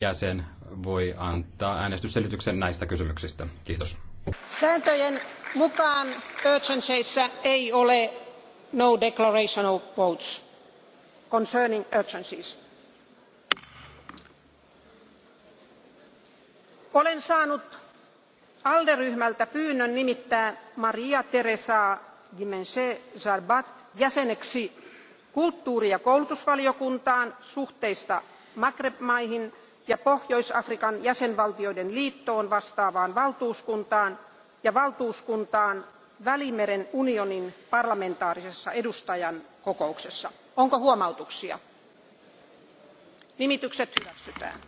jäsen voi antaa äänestysselityksen näistä kysymyksistä. Kiitos. Sääntöjen mukaan urgenceissa ei ole no declaration of votes concerning urgencies. Olen saanut ALDE-ryhmältä pyynnön nimittää Maria Teresa Gimense Zarbat jäseneksi kulttuuri- ja koulutusvaliokuntaan suhteista Magreb-maihin – ja pohjois afrikan jäsenvaltioiden liittoon vastaavaan valtuuskuntaan ja valtuuskuntaan välimeren unionin parlamentaarisessa edustajainkokouksessa. onko huomautuksia? nimitykset hyväksytään.